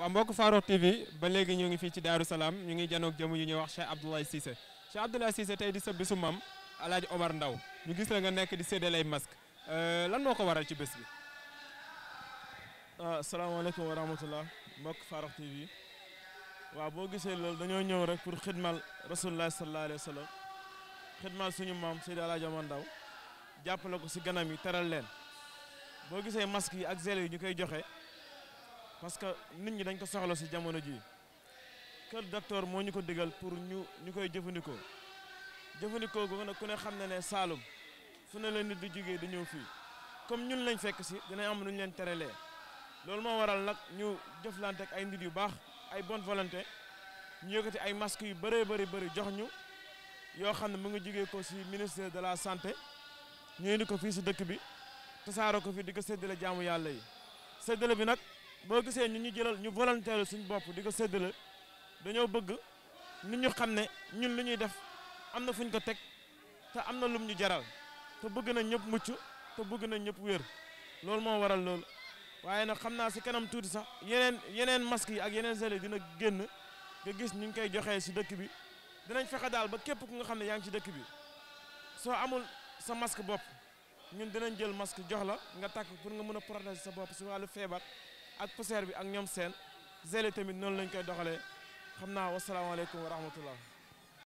waa mbokk Farokh TV ba léegi ñoo ngi fii ci Daaru Salaam ñu ngi janoog jëmu yu ñuy wax Cheikh Abdoulaye Cissé Cheikh Abdoulaye Cissé tey di sa bisu mam Alaaji Omar Ndaw ñu gis la nga nekk di séddale ay masque euh, lan moo ko waral ci bés bi waaw ah, asalaamaaleykum wa rahmatullah mbokk Farokh TV waaw boo gisee loolu dañoo ñëw rek pour xidmal rasulullah sallallahu alayhi wa sallam xidmal suñu mam Seydi Alaaji Omar Ndaw jàppale ko si ganam yi teral leen boo gisee masque yi ak gel yi ñu koy joxe parce que nit ñi dañ ko soxla si jamono ji kër docteur moo ñu ko déggal pour ñu ñu koy jëfandikoo jëfandikoo googu nag ku ne xam na ne Saalum fu ne la nit di jógee di ñëw fii comme ñun lañ fekk si dinañ am lu ñu leen terelee loolu moo waral nag ñu jëflante ay nit yu baax ay bonne volonté ñu yëkkati ay masques yu bëree bëri bëri jox ñu yoo xam ne mu ngi jógee ko si ministère de la santé ñu indi ko fii si dëkk bi tasaaroo ko fi di ko séddale jaamu yàlla yi boo gisee ñu ñu jëlal ñu volontaire suñu bopp di ko séddale dañoo bëgg nu ñu xam ne ñun lu ñuy def am na fuñ ko teg te am na lum ñu jaral te bëgg na ñëpp mucc te bëgg na ñëpp wér loolu moo waral loolu waaye nag xam naa si kanam tuuti sax yeneen yeneen masques yi ak yeneen gel dina génn nga gis ñu ngi koy joxee si dëkk bi dinañ fexe daal ba képp ku nga xam ne yaa ngi ci dëkk bi soo amul sa masque bopp ñun dinañ jël masque jox la nga takk pour nga mën a protéger sa bopp si wàllu feebar ak poussière bi ak ñom sen zélé tamit non lañ koy doxalee xam naa alaykum wa rahmatullah